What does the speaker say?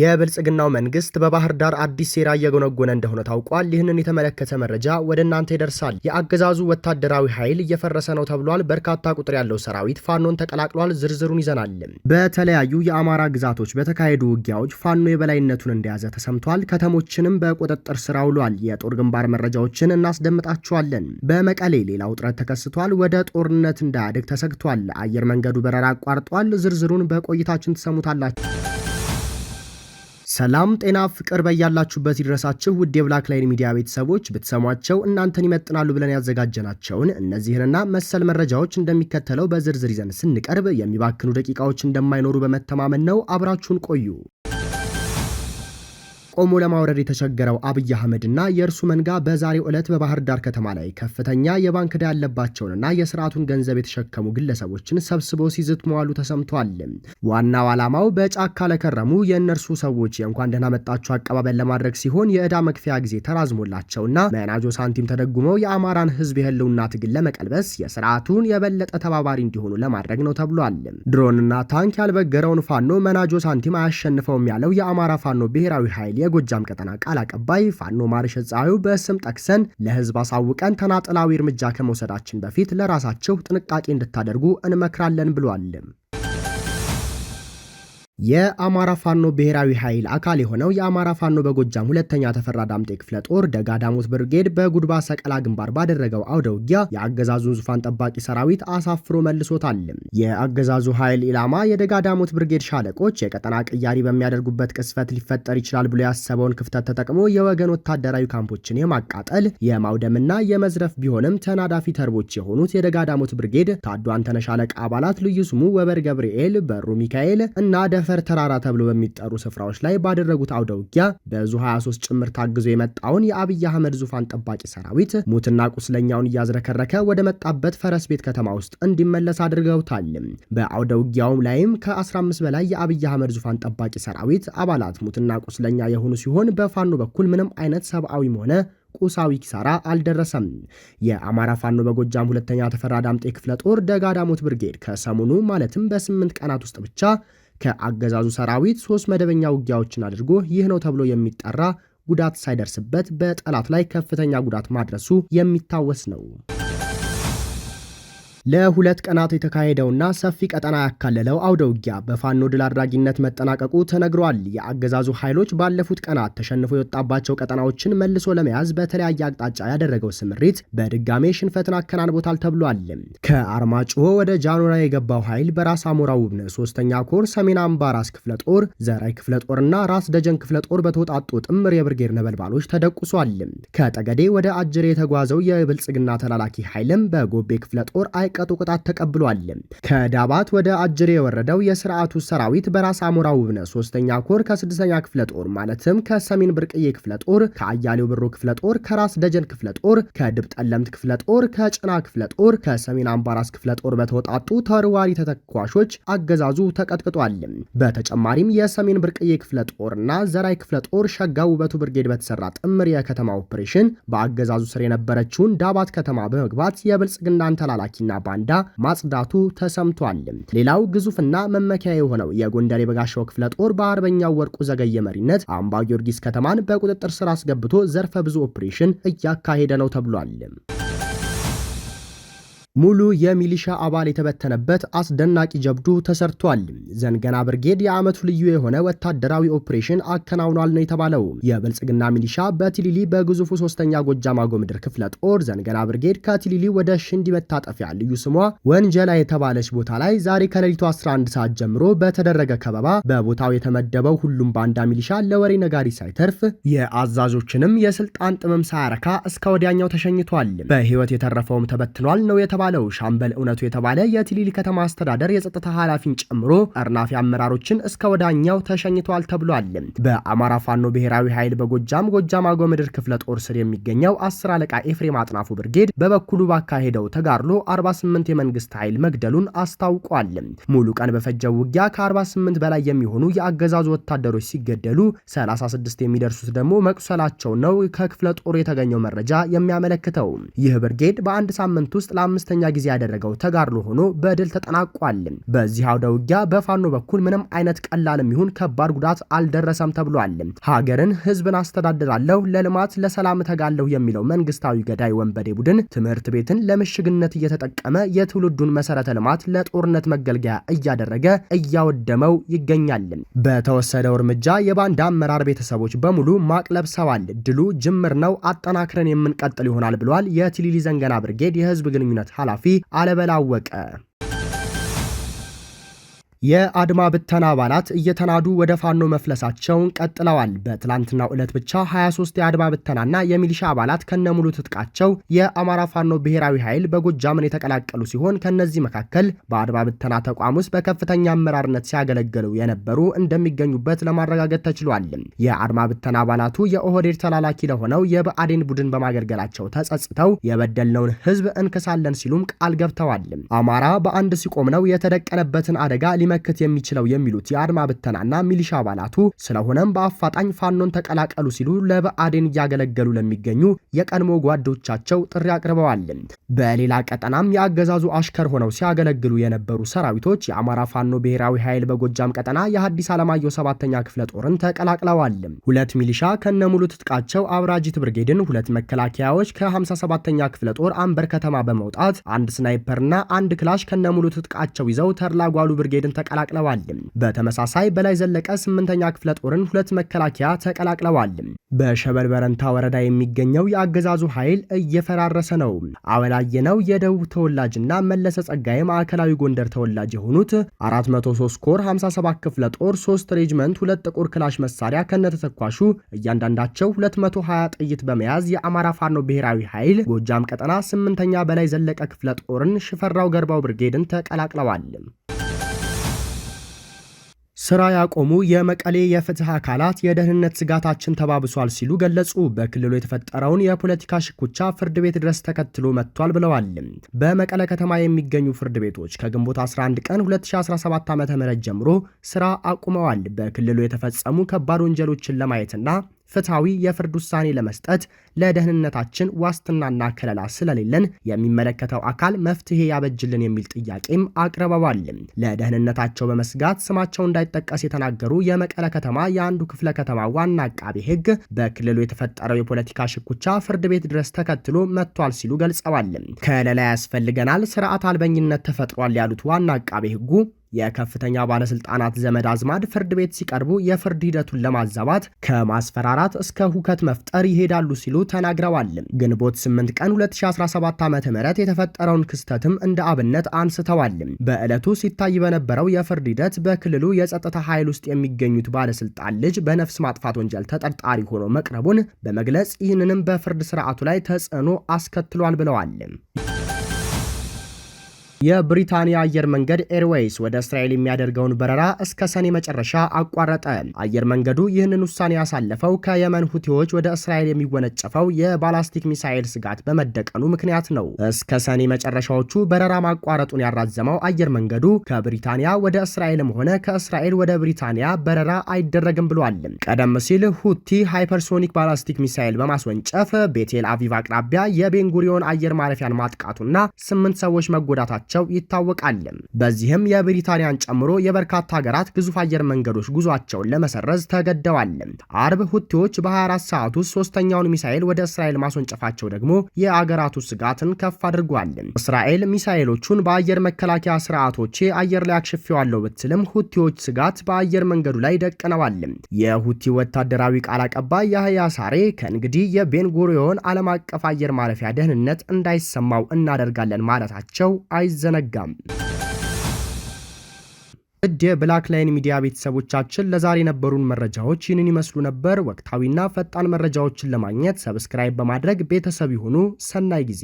የብልጽግናው መንግስት በባህር ዳር አዲስ ሴራ እየጎነጎነ እንደሆነ ታውቋል። ይህንን የተመለከተ መረጃ ወደ እናንተ ይደርሳል። የአገዛዙ ወታደራዊ ኃይል እየፈረሰ ነው ተብሏል። በርካታ ቁጥር ያለው ሰራዊት ፋኖን ተቀላቅሏል። ዝርዝሩን ይዘናል። በተለያዩ የአማራ ግዛቶች በተካሄዱ ውጊያዎች ፋኖ የበላይነቱን እንደያዘ ተሰምቷል። ከተሞችንም በቁጥጥር ስር አውሏል። የጦር ግንባር መረጃዎችን እናስደምጣችኋለን። በመቀሌ ሌላ ውጥረት ተከስቷል። ወደ ጦርነት እንዳያድግ ተሰግቷል። አየር መንገዱ በረራ አቋርጧል። ዝርዝሩን በቆይታችን ትሰሙታላችሁ። ሰላም ጤና ፍቅር በያላችሁበት ይድረሳችሁ ውድ የብላክ ላይን ሚዲያ ቤተሰቦች ብትሰሟቸው እናንተን ይመጥናሉ ብለን ያዘጋጀናቸውን እነዚህንና መሰል መረጃዎች እንደሚከተለው በዝርዝር ይዘን ስንቀርብ የሚባክኑ ደቂቃዎች እንደማይኖሩ በመተማመን ነው። አብራችሁን ቆዩ። ቆሞ ለማውረድ የተቸገረው አብይ አህመድና የእርሱ መንጋ በዛሬው ዕለት በባህር ዳር ከተማ ላይ ከፍተኛ የባንክ ዕዳ ያለባቸውንና የስርዓቱን ገንዘብ የተሸከሙ ግለሰቦችን ሰብስቦ ሲዝት መዋሉ ተሰምቷል። ዋናው ዓላማው በጫካ ለከረሙ የእነርሱ ሰዎች የእንኳን ደህና መጣችሁ አቀባበል ለማድረግ ሲሆን የዕዳ መክፈያ ጊዜ ተራዝሞላቸውና መናጆ ሳንቲም ተደጉመው የአማራን ህዝብ የህልውና ትግል ለመቀልበስ የስርዓቱን የበለጠ ተባባሪ እንዲሆኑ ለማድረግ ነው ተብሏል። ድሮንና ታንክ ያልበገረውን ፋኖ መናጆ ሳንቲም አያሸንፈውም ያለው የአማራ ፋኖ ብሔራዊ ኃይል የጎጃም ቀጠና ቃል አቀባይ ፋኖ ማርሸ ፀሐዩ በስም ጠቅሰን ለህዝብ አሳውቀን ተናጥላዊ እርምጃ ከመውሰዳችን በፊት ለራሳቸው ጥንቃቄ እንድታደርጉ እንመክራለን ብሏል። የአማራ ፋኖ ብሔራዊ ኃይል አካል የሆነው የአማራ ፋኖ በጎጃም ሁለተኛ ተፈራ ዳምጤ ክፍለ ጦር ደጋዳሞት ብርጌድ በጉድባ ሰቀላ ግንባር ባደረገው አውደ ውጊያ የአገዛዙን ዙፋን ጠባቂ ሰራዊት አሳፍሮ መልሶታል። የአገዛዙ ኃይል ኢላማ የደጋዳሞት ብርጌድ ሻለቆች የቀጠና ቅያሪ በሚያደርጉበት ቅስፈት ሊፈጠር ይችላል ብሎ ያሰበውን ክፍተት ተጠቅሞ የወገን ወታደራዊ ካምፖችን የማቃጠል የማውደምና የመዝረፍ ቢሆንም ተናዳፊ ተርቦች የሆኑት የደጋዳሞት ብርጌድ ታዷን ተነሻለቅ አባላት ልዩ ስሙ ወበር ገብርኤል፣ በሩ ሚካኤል እና ደፍ ሰፈር ተራራ ተብሎ በሚጠሩ ስፍራዎች ላይ ባደረጉት አውደ ውጊያ በዙ 23 ጭምር ታግዞ የመጣውን የአብይ አህመድ ዙፋን ጠባቂ ሰራዊት ሙትና ቁስለኛውን እያዝረከረከ ወደ መጣበት ፈረስ ቤት ከተማ ውስጥ እንዲመለስ አድርገውታል። በአውደ ውጊያውም ላይም ከ15 በላይ የአብይ አህመድ ዙፋን ጠባቂ ሰራዊት አባላት ሙትና ቁስለኛ የሆኑ ሲሆን በፋኖ በኩል ምንም አይነት ሰብአዊም ሆነ ቁሳዊ ኪሳራ አልደረሰም። የአማራ ፋኖ በጎጃም ሁለተኛ ተፈራ ዳምጤ ክፍለ ጦር ደጋዳሞት ብርጌድ ከሰሞኑ ማለትም በስምንት ቀናት ውስጥ ብቻ ከአገዛዙ ሰራዊት ሶስት መደበኛ ውጊያዎችን አድርጎ ይህ ነው ተብሎ የሚጠራ ጉዳት ሳይደርስበት በጠላት ላይ ከፍተኛ ጉዳት ማድረሱ የሚታወስ ነው። ለሁለት ቀናት የተካሄደውና ሰፊ ቀጠና ያካለለው አውደ ውጊያ በፋኖ ድል አድራጊነት መጠናቀቁ ተነግሯል። የአገዛዙ ኃይሎች ባለፉት ቀናት ተሸንፎ የወጣባቸው ቀጠናዎችን መልሶ ለመያዝ በተለያየ አቅጣጫ ያደረገው ስምሪት በድጋሜ ሽንፈትን አከናንቦታል ተብሏል። ከአርማጭሆ ወደ ጃኑራ የገባው ኃይል በራስ አሞራ ውብነ ሶስተኛ ኮር ሰሜን አምባ ራስ ክፍለ ጦር፣ ዘራይ ክፍለ ጦርና ራስ ደጀን ክፍለ ጦር በተወጣጡ ጥምር የብርጌር ነበልባሎች ተደቁሷል። ከጠገዴ ወደ አጅሬ የተጓዘው የብልጽግና ተላላኪ ኃይልም በጎቤ ክፍለ ጦር አይቀ የውድቀቱ ቅጣት ተቀብሏል። ከዳባት ወደ አጅር የወረደው የስርዓቱ ሰራዊት በራስ አሞራ ውብነ ሶስተኛ ኮር ከስድስተኛ ክፍለ ጦር ማለትም ከሰሜን ብርቅዬ ክፍለ ጦር፣ ከአያሌው ብሩ ክፍለ ጦር፣ ከራስ ደጀን ክፍለ ጦር፣ ከድብ ጠለምት ክፍለ ጦር፣ ከጭና ክፍለ ጦር፣ ከሰሜን አምባራስ ክፍለ ጦር በተወጣጡ ተርዋሪ ተተኳሾች አገዛዙ ተቀጥቅጧል። በተጨማሪም የሰሜን ብርቅዬ ክፍለ ጦርና ዘራይ ክፍለ ጦር ሸጋ ውበቱ ብርጌድ በተሰራ ጥምር የከተማ ኦፕሬሽን በአገዛዙ ስር የነበረችውን ዳባት ከተማ በመግባት የብልጽግናን ተላላኪና ባንዳ ማጽዳቱ ተሰምቷል። ሌላው ግዙፍና መመኪያ የሆነው የጎንደር የበጋሻው ክፍለ ጦር በአርበኛው ወርቁ ዘገየ መሪነት አምባ ጊዮርጊስ ከተማን በቁጥጥር ስር አስገብቶ ዘርፈ ብዙ ኦፕሬሽን እያካሄደ ነው ተብሏል። ሙሉ የሚሊሻ አባል የተበተነበት አስደናቂ ጀብዱ ተሰርቷል። ዘንገና ብርጌድ የዓመቱ ልዩ የሆነ ወታደራዊ ኦፕሬሽን አከናውኗል ነው የተባለው። የብልጽግና ሚሊሻ በቲሊሊ በግዙፉ ሶስተኛ ጎጃም ማጎምድር ክፍለ ጦር ዘንገና ብርጌድ ከቲሊሊ ወደ ሽንዲ መታጠፊያ ልዩ ስሟ ወንጀላ የተባለች ቦታ ላይ ዛሬ ከሌሊቱ 11 ሰዓት ጀምሮ በተደረገ ከበባ በቦታው የተመደበው ሁሉም ባንዳ ሚሊሻ ለወሬ ነጋሪ ሳይተርፍ የአዛዦችንም የስልጣን ጥምም ሳያረካ እስከ ወዲያኛው ተሸኝቷል። በህይወት የተረፈውም ተበትኗል ነው የተባለው። የተባለው ሻምበል እውነቱ የተባለ የትሊል ከተማ አስተዳደር የጸጥታ ኃላፊን ጨምሮ አርናፊ አመራሮችን እስከ ወዳኛው ተሸኝተዋል ተብሏል። በአማራ ፋኖ ብሔራዊ ኃይል በጎጃም ጎጃም አገው ምድር ክፍለ ጦር ስር የሚገኘው አስር አለቃ ኤፍሬም አጥናፉ ብርጌድ በበኩሉ ባካሄደው ተጋድሎ 48 የመንግስት ኃይል መግደሉን አስታውቋል። ሙሉ ቀን በፈጀው ውጊያ ከ48 በላይ የሚሆኑ የአገዛዙ ወታደሮች ሲገደሉ 36 የሚደርሱት ደግሞ መቁሰላቸው ነው ከክፍለ ጦር የተገኘው መረጃ የሚያመለክተው። ይህ ብርጌድ በአንድ ሳምንት ውስጥ ለአምስተኛ ለሶስተኛ ጊዜ ያደረገው ተጋድሎ ሆኖ በድል ተጠናቋል። በዚህ አውደ ውጊያ በፋኖ በኩል ምንም አይነት ቀላልም ይሁን ከባድ ጉዳት አልደረሰም ተብሏል። ሀገርን፣ ህዝብን አስተዳድራለሁ፣ ለልማት ለሰላም ተጋለሁ የሚለው መንግስታዊ ገዳይ ወንበዴ ቡድን ትምህርት ቤትን ለምሽግነት እየተጠቀመ የትውልዱን መሰረተ ልማት ለጦርነት መገልገያ እያደረገ እያወደመው ይገኛል። በተወሰደው እርምጃ የባንዳ አመራር ቤተሰቦች በሙሉ ሰዋል። ድሉ ጅምር ነው፣ አጠናክረን የምንቀጥል ይሆናል ብሏል። የቲሊሊ ዘንገና ብርጌድ የህዝብ ግንኙነት حلفي على بلعوك የአድማ ብተና አባላት እየተናዱ ወደ ፋኖ መፍለሳቸውን ቀጥለዋል። በትላንትናው ዕለት ብቻ 23 የአድማ ብተናና የሚሊሻ አባላት ከነሙሉ ትጥቃቸው የአማራ ፋኖ ብሔራዊ ኃይል በጎጃምን የተቀላቀሉ ሲሆን ከነዚህ መካከል በአድማ ብተና ተቋም ውስጥ በከፍተኛ አመራርነት ሲያገለግሉ የነበሩ እንደሚገኙበት ለማረጋገጥ ተችሏል። የአድማ ብተና አባላቱ የኦህዴድ ተላላኪ ለሆነው የብአዴን ቡድን በማገልገላቸው ተጸጽተው የበደልነውን ህዝብ እንክሳለን ሲሉም ቃል ገብተዋል። አማራ በአንድ ሲቆም ነው የተደቀነበትን አደጋ ሊመክት የሚችለው የሚሉት የአድማ ብተናና ሚሊሻ አባላቱ ስለሆነም በአፋጣኝ ፋኖን ተቀላቀሉ ሲሉ ለብአዴን እያገለገሉ ለሚገኙ የቀድሞ ጓዶቻቸው ጥሪ አቅርበዋል። በሌላ ቀጠናም የአገዛዙ አሽከር ሆነው ሲያገለግሉ የነበሩ ሰራዊቶች የአማራ ፋኖ ብሔራዊ ኃይል በጎጃም ቀጠና የሐዲስ ዓለማየሁ ሰባተኛ ክፍለ ጦርን ተቀላቅለዋል። ሁለት ሚሊሻ ከነሙሉ ትጥቃቸው አብራጂት ብርጌድን፣ ሁለት መከላከያዎች ከ57ኛ ክፍለ ጦር አንበር ከተማ በመውጣት አንድ ስናይፐርና አንድ ክላሽ ሙሉ ትጥቃቸው ይዘው ተርላጓሉ ብርጌድን ተቀላቅለዋል። በተመሳሳይ በላይ ዘለቀ ስምንተኛ ክፍለ ጦርን ሁለት መከላከያ ተቀላቅለዋል። በሸበልበረንታ ወረዳ የሚገኘው የአገዛዙ ኃይል እየፈራረሰ ነው። አወላየነው የደቡብ ተወላጅና መለሰ ጸጋዬ ማዕከላዊ ጎንደር ተወላጅ የሆኑት 403 ኮር 57 ክፍለ ጦር 3 ሬጅመንት ሁለት ጥቁር ክላሽ መሳሪያ ከነተተኳሹ እያንዳንዳቸው 220 ጥይት በመያዝ የአማራ ፋኖ ብሔራዊ ኃይል ጎጃም ቀጠና ስምንተኛ በላይ ዘለቀ ክፍለ ጦርን ሽፈራው ገርባው ብርጌድን ተቀላቅለዋል። ስራ ያቆሙ የመቀሌ የፍትህ አካላት የደህንነት ስጋታችን ተባብሷል ሲሉ ገለጹ። በክልሉ የተፈጠረውን የፖለቲካ ሽኩቻ ፍርድ ቤት ድረስ ተከትሎ መጥቷል ብለዋል። በመቀለ ከተማ የሚገኙ ፍርድ ቤቶች ከግንቦት 11 ቀን 2017 ዓ ም ጀምሮ ስራ አቁመዋል። በክልሉ የተፈጸሙ ከባድ ወንጀሎችን ለማየትና ፍትሐዊ የፍርድ ውሳኔ ለመስጠት ለደህንነታችን ዋስትናና ከለላ ስለሌለን የሚመለከተው አካል መፍትሄ ያበጅልን የሚል ጥያቄም አቅርበዋል። ለደህንነታቸው በመስጋት ስማቸው እንዳይጠቀስ የተናገሩ የመቀለ ከተማ የአንዱ ክፍለ ከተማ ዋና አቃቤ ሕግ በክልሉ የተፈጠረው የፖለቲካ ሽኩቻ ፍርድ ቤት ድረስ ተከትሎ መጥቷል ሲሉ ገልጸዋል። ከለላ ያስፈልገናል፣ ስርዓት አልበኝነት ተፈጥሯል ያሉት ዋና አቃቤ ሕጉ የከፍተኛ ባለስልጣናት ዘመድ አዝማድ ፍርድ ቤት ሲቀርቡ የፍርድ ሂደቱን ለማዛባት ከማስፈራራት እስከ ሁከት መፍጠር ይሄዳሉ ሲሉ ተናግረዋል። ግንቦት 8 ቀን 2017 ዓ ም የተፈጠረውን ክስተትም እንደ አብነት አንስተዋል። በዕለቱ ሲታይ በነበረው የፍርድ ሂደት በክልሉ የጸጥታ ኃይል ውስጥ የሚገኙት ባለስልጣን ልጅ በነፍስ ማጥፋት ወንጀል ተጠርጣሪ ሆኖ መቅረቡን በመግለጽ ይህንንም በፍርድ ስርዓቱ ላይ ተጽዕኖ አስከትሏል ብለዋል። የብሪታንያ አየር መንገድ ኤርዌይስ ወደ እስራኤል የሚያደርገውን በረራ እስከ ሰኔ መጨረሻ አቋረጠ። አየር መንገዱ ይህንን ውሳኔ ያሳለፈው ከየመን ሁቲዎች ወደ እስራኤል የሚወነጨፈው የባላስቲክ ሚሳኤል ስጋት በመደቀኑ ምክንያት ነው። እስከ ሰኔ መጨረሻዎቹ በረራ ማቋረጡን ያራዘመው አየር መንገዱ ከብሪታንያ ወደ እስራኤልም ሆነ ከእስራኤል ወደ ብሪታንያ በረራ አይደረግም ብሏል። ቀደም ሲል ሁቲ ሃይፐርሶኒክ ባላስቲክ ሚሳኤል በማስወንጨፍ ቤቴል አቪቭ አቅራቢያ የቤንጉሪዮን አየር ማረፊያን ማጥቃቱና ስምንት ሰዎች መጎዳታቸው መሆናቸው ይታወቃል። በዚህም የብሪታንያን ጨምሮ የበርካታ ሀገራት ግዙፍ አየር መንገዶች ጉዟቸውን ለመሰረዝ ተገደዋል። አርብ ሁቲዎች በ24 ሰዓት ውስጥ ሶስተኛውን ሚሳኤል ወደ እስራኤል ማስወንጨፋቸው ደግሞ የአገራቱ ስጋትን ከፍ አድርጓል። እስራኤል ሚሳኤሎቹን በአየር መከላከያ ስርዓቶቼ አየር ላይ አክሽፌዋለሁ ብትልም ሁቲዎች ስጋት በአየር መንገዱ ላይ ደቅነዋል። የሁቲ ወታደራዊ ቃል አቀባይ ያህያ ሳሬ ከእንግዲህ የቤንጉሪዮን ዓለም አቀፍ አየር ማረፊያ ደህንነት እንዳይሰማው እናደርጋለን ማለታቸው አይዘ አይዘነጋም። እድ የብላክ ላይን ሚዲያ ቤተሰቦቻችን ለዛሬ የነበሩን መረጃዎች ይህንን ይመስሉ ነበር። ወቅታዊና ፈጣን መረጃዎችን ለማግኘት ሰብስክራይብ በማድረግ ቤተሰብ ይሁኑ። ሰናይ ጊዜ